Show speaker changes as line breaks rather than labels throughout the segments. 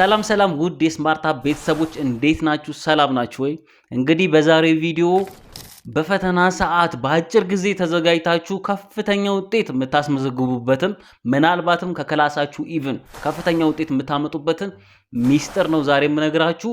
ሰላም ሰላም ውድ የስማርት አፕ ቤተሰቦች እንዴት ናችሁ? ሰላም ናችሁ ወይ? እንግዲህ በዛሬው ቪዲዮ በፈተና ሰዓት በአጭር ጊዜ ተዘጋጅታችሁ ከፍተኛ ውጤት የምታስመዘግቡበትን ምናልባትም ከክላሳችሁ ኢቭን ከፍተኛ ውጤት የምታመጡበትን ሚስጥር ነው ዛሬ የምነግራችሁ።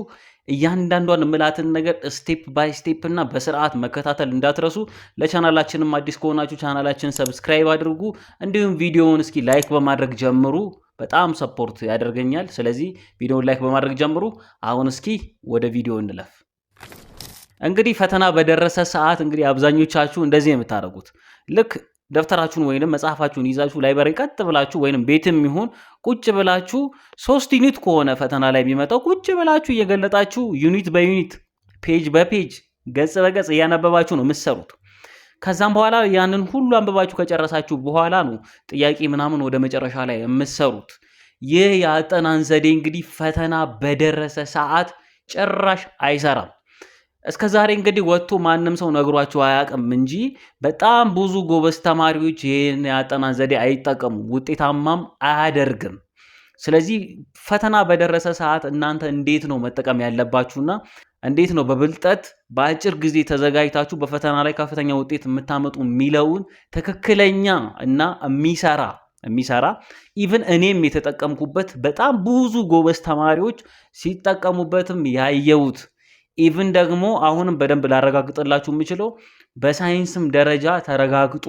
እያንዳንዷን ምላትን ነገር ስቴፕ ባይ ስቴፕ እና በስርዓት መከታተል እንዳትረሱ። ለቻናላችንም አዲስ ከሆናችሁ ቻናላችን ሰብስክራይብ አድርጉ፣ እንዲሁም ቪዲዮውን እስኪ ላይክ በማድረግ ጀምሩ። በጣም ሰፖርት ያደርገኛል። ስለዚህ ቪዲዮውን ላይክ በማድረግ ጀምሩ። አሁን እስኪ ወደ ቪዲዮ እንለፍ። እንግዲህ ፈተና በደረሰ ሰዓት እንግዲህ አብዛኞቻችሁ እንደዚህ የምታደርጉት ልክ ደብተራችሁን ወይንም መጽሐፋችሁን ይዛችሁ ላይበሪ ቀጥ ብላችሁ ወይንም ቤትም ይሁን ቁጭ ብላችሁ ሶስት ዩኒት ከሆነ ፈተና ላይ የሚመጣው ቁጭ ብላችሁ እየገለጣችሁ ዩኒት በዩኒት ፔጅ በፔጅ ገጽ በገጽ እያነበባችሁ ነው የምትሰሩት። ከዛም በኋላ ያንን ሁሉ አንብባችሁ ከጨረሳችሁ በኋላ ነው ጥያቄ ምናምን ወደ መጨረሻ ላይ የምትሰሩት። ይህ የአጠናን ዘዴ እንግዲህ ፈተና በደረሰ ሰዓት ጭራሽ አይሰራም። እስከ ዛሬ እንግዲህ ወጥቶ ማንም ሰው ነግሯቸው አያውቅም እንጂ በጣም ብዙ ጎበዝ ተማሪዎች ይህን የአጠናን ዘዴ አይጠቀሙም፣ ውጤታማም አያደርግም። ስለዚህ ፈተና በደረሰ ሰዓት እናንተ እንዴት ነው መጠቀም ያለባችሁና እንዴት ነው በብልጠት በአጭር ጊዜ ተዘጋጅታችሁ በፈተና ላይ ከፍተኛ ውጤት የምታመጡ የሚለውን ትክክለኛ እና የሚሰራ የሚሰራ ኢቭን እኔም የተጠቀምኩበት በጣም ብዙ ጎበዝ ተማሪዎች ሲጠቀሙበትም ያየሁት ኢቭን ደግሞ አሁንም በደንብ ላረጋግጥላችሁ የምችለው በሳይንስም ደረጃ ተረጋግጦ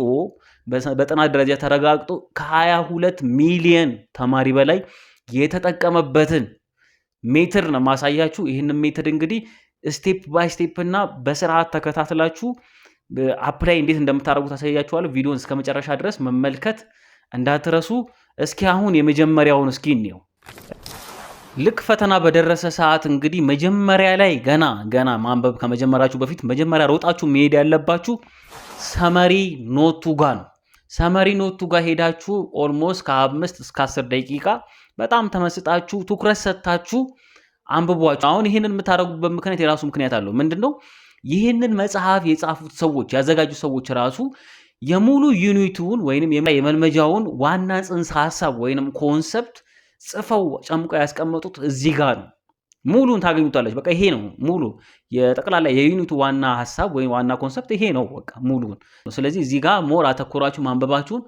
በጥናት ደረጃ ተረጋግጦ ከ22 ሚሊየን ተማሪ በላይ የተጠቀመበትን ሜትር ነው ማሳያችሁ። ይህንን ሜትር እንግዲህ ስቴፕ ባይ ስቴፕ እና በስርዓት ተከታትላችሁ አፕላይ እንዴት እንደምታደርጉ ታሳያችኋለሁ። ቪዲዮን እስከ መጨረሻ ድረስ መመልከት እንዳትረሱ። እስኪ አሁን የመጀመሪያውን እስኪ እንየው። ልክ ፈተና በደረሰ ሰዓት እንግዲህ መጀመሪያ ላይ ገና ገና ማንበብ ከመጀመራችሁ በፊት መጀመሪያ ሮጣችሁ መሄድ ያለባችሁ ሰመሪ ኖቱ ጋ ነው። ሰመሪ ኖቱ ጋር ሄዳችሁ ኦልሞስት ከአምስት እስከ አስር ደቂቃ በጣም ተመስጣችሁ ትኩረት ሰጥታችሁ አንብቧችሁ። አሁን ይህንን የምታደርጉበት ምክንያት የራሱ ምክንያት አለው። ምንድን ነው? ይህንን መጽሐፍ የጻፉት ሰዎች ያዘጋጁ ሰዎች ራሱ የሙሉ ዩኒቱን ወይም የመልመጃውን ዋና ጽንሰ ሀሳብ ወይንም ኮንሰፕት ጽፈው ጨምቀው ያስቀመጡት እዚህ ጋር ነው። ሙሉን ታገኙታለች። በቃ ይሄ ነው ሙሉ የጠቅላላ የዩኒቱ ዋና ሀሳብ ወይም ዋና ኮንሰፕት ይሄ ነው በቃ ሙሉን። ስለዚህ እዚህ ጋር ሞር አተኮራችሁ ማንበባችሁን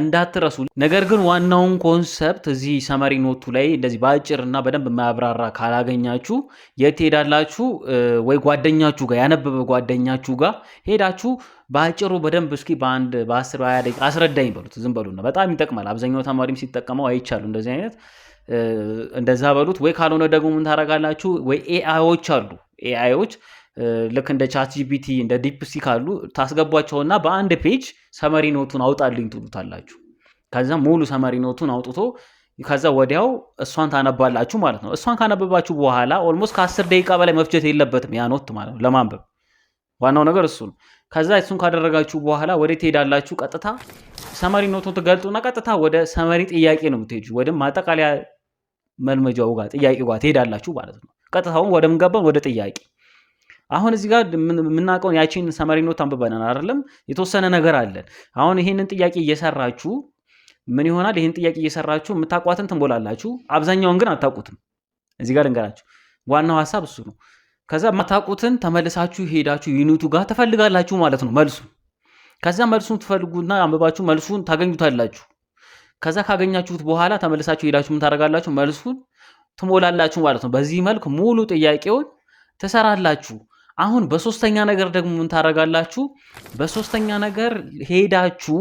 እንዳትረሱ። ነገር ግን ዋናውን ኮንሰፕት እዚህ ሰመሪ ኖቱ ላይ እንደዚህ በአጭር እና በደንብ የማያብራራ ካላገኛችሁ የት ሄዳላችሁ? ወይ ጓደኛችሁ ጋር ያነበበ ጓደኛችሁ ጋር ሄዳችሁ በአጭሩ በደንብ እስኪ በአንድ በአስር በሀያ ደቂቃ አስረዳኝ በሉት። ዝም በሉና በጣም ይጠቅማል። አብዛኛው ተማሪም ሲጠቀመው አይቻሉ እንደዚህ አይነት እንደዛ በሉት ወይ ካልሆነ ደግሞ ምን ታደርጋላችሁ? ወይ ኤአይዎች አሉ ኤአይዎች ልክ እንደ ቻት ጂፒቲ እንደ ዲፕሲ ካሉ ታስገቧቸውና በአንድ ፔጅ ሰመሪ ኖቱን አውጣልኝ ትሉታላችሁ። ከዛ ሙሉ ሰመሪ ኖቱን አውጥቶ ከዛ ወዲያው እሷን ታነባላችሁ ማለት ነው። እሷን ካነበባችሁ በኋላ ኦልሞስት ከአስር ደቂቃ በላይ መፍጀት የለበትም ያኖት ማለት ነው ለማንበብ ዋናው ነገር እሱ ነው። ከዛ እሱን ካደረጋችሁ በኋላ ወደ ትሄዳላችሁ ቀጥታ ሰመሪ ኖቱን ትገልጡና ቀጥታ ወደ ሰመሪ ጥያቄ ነው ምትሄጁ፣ ወይም ማጠቃለያ መልመጃው ጋር ጥያቄ ጋር ትሄዳላችሁ ማለት ነው። ቀጥታውን ወደ ምንገባን ወደ ጥያቄ አሁን እዚህ ጋር የምናውቀውን ያቺን ሰመሪ ኖት አንብበናል አይደለም? የተወሰነ ነገር አለን። አሁን ይህንን ጥያቄ እየሰራችሁ ምን ይሆናል? ይህን ጥያቄ እየሰራችሁ የምታውቋትን ትንቦላላችሁ፣ አብዛኛውን ግን አታውቁትም። እዚህ ጋር ልንገራችሁ፣ ዋናው ሀሳብ እሱ ነው። ከዛ የማታውቁትን ተመልሳችሁ ሄዳችሁ ዩኒቱ ጋር ትፈልጋላችሁ ማለት ነው መልሱ ከዛ መልሱን ትፈልጉና አንብባችሁ መልሱን ታገኙታላችሁ። ከዛ ካገኛችሁት በኋላ ተመልሳችሁ ሄዳችሁ ምን ታደርጋላችሁ? መልሱን ትሞላላችሁ ማለት ነው። በዚህ መልክ ሙሉ ጥያቄውን ትሰራላችሁ። አሁን በሶስተኛ ነገር ደግሞ ምን ታደርጋላችሁ? በሶስተኛ ነገር ሄዳችሁ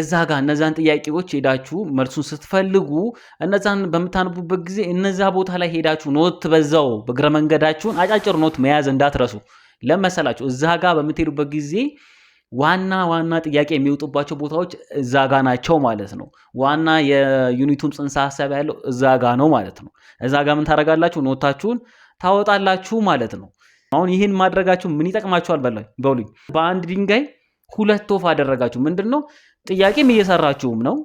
እዛ ጋር እነዛን ጥያቄዎች ሄዳችሁ መልሱን ስትፈልጉ እነዛን በምታነቡበት ጊዜ እነዛ ቦታ ላይ ሄዳችሁ ኖት በዛው በእግረ መንገዳችሁን አጫጭር ኖት መያዝ እንዳትረሱ። ለመሰላችሁ እዛ ጋር በምትሄዱበት ጊዜ ዋና ዋና ጥያቄ የሚወጡባቸው ቦታዎች እዛ ጋ ናቸው ማለት ነው። ዋና የዩኒቱም ጽንሰ ሀሳብ ያለው እዛ ጋ ነው ማለት ነው። እዛ ጋ ምን ታደርጋላችሁ? ኖታችሁን ታወጣላችሁ ማለት ነው። አሁን ይህን ማድረጋችሁ ምን ይጠቅማችኋል? በሉኝ። በአንድ ድንጋይ ሁለት ወፍ አደረጋችሁ። ምንድን ነው? ጥያቄም እየሰራችሁም ነው፣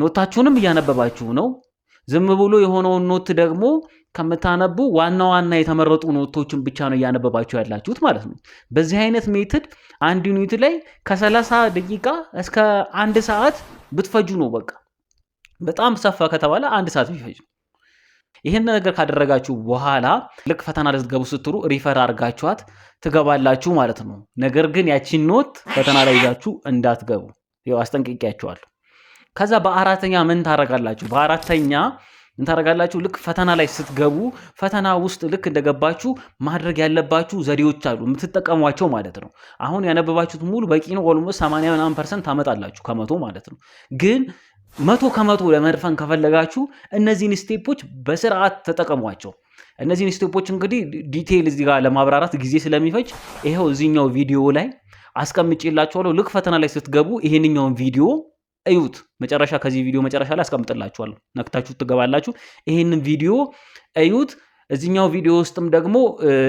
ኖታችሁንም እያነበባችሁ ነው። ዝም ብሎ የሆነውን ኖት ደግሞ ከምታነቡ ዋና ዋና የተመረጡ ኖቶችን ብቻ ነው እያነበባችሁ ያላችሁት ማለት ነው። በዚህ አይነት ሜትድ አንድ ዩኒት ላይ ከ30 ደቂቃ እስከ አንድ ሰዓት ብትፈጁ ነው በቃ በጣም ሰፋ ከተባለ አንድ ሰዓት ቢፈጅ ነው። ይህን ነገር ካደረጋችሁ በኋላ ልክ ፈተና ልትገቡ ስትሩ ሪፈር አድርጋችኋት ትገባላችሁ ማለት ነው። ነገር ግን ያቺን ኖት ፈተና ላይ ይዛችሁ እንዳትገቡ አስጠንቅቄያችኋለሁ። ከዛ በአራተኛ ምን ታረጋላችሁ? በአራተኛ ምን ታረጋላችሁ? ልክ ፈተና ላይ ስትገቡ ፈተና ውስጥ ልክ እንደገባችሁ ማድረግ ያለባችሁ ዘዴዎች አሉ፣ የምትጠቀሟቸው ማለት ነው። አሁን ያነበባችሁት ሙሉ በቂ ነው። ኦልሞስት 80 ምናምን ፐርሰንት ታመጣላችሁ ከመቶ ማለት ነው። ግን መቶ ከመቶ ለመድፈን ከፈለጋችሁ እነዚህን ስቴፖች በስርዓት ተጠቀሟቸው። እነዚህን ስቴፖች እንግዲህ ዲቴይል እዚህ ጋር ለማብራራት ጊዜ ስለሚፈጅ ይኸው እዚህኛው ቪዲዮ ላይ አስቀምጬላችኋለሁ። ልክ ፈተና ላይ ስትገቡ ይሄንኛውን ቪዲዮ እዩት። መጨረሻ ከዚህ ቪዲዮ መጨረሻ ላይ አስቀምጥላችኋለሁ። ነክታችሁ ትገባላችሁ። ይህንን ቪዲዮ እዩት። እዚኛው ቪዲዮ ውስጥም ደግሞ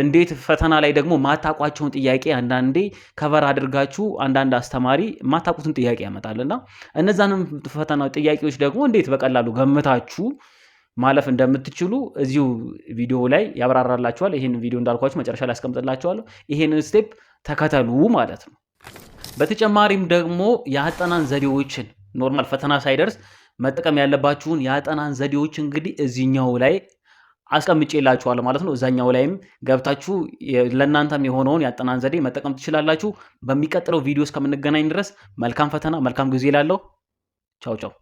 እንዴት ፈተና ላይ ደግሞ ማታቋቸውን ጥያቄ አንዳንዴ ከቨር አድርጋችሁ አንዳንድ አስተማሪ ማታቁትን ጥያቄ ያመጣልና እነዛንም ፈተና ጥያቄዎች ደግሞ እንዴት በቀላሉ ገምታችሁ ማለፍ እንደምትችሉ እዚሁ ቪዲዮ ላይ ያብራራላችኋል። ይህን ቪዲዮ እንዳልኳችሁ መጨረሻ ላይ ያስቀምጥላችኋለሁ። ይህን ስቴፕ ተከተሉ ማለት ነው። በተጨማሪም ደግሞ የአጠናን ዘዴዎችን ኖርማል ፈተና ሳይደርስ መጠቀም ያለባችሁን የአጠናን ዘዴዎች እንግዲህ እዚኛው ላይ አስቀምጬላችኋለሁ ማለት ነው። እዛኛው ላይም ገብታችሁ ለእናንተም የሆነውን የአጠናን ዘዴ መጠቀም ትችላላችሁ። በሚቀጥለው ቪዲዮ እስከምንገናኝ ድረስ መልካም ፈተና፣ መልካም ጊዜ ላለው ቻው ቻው።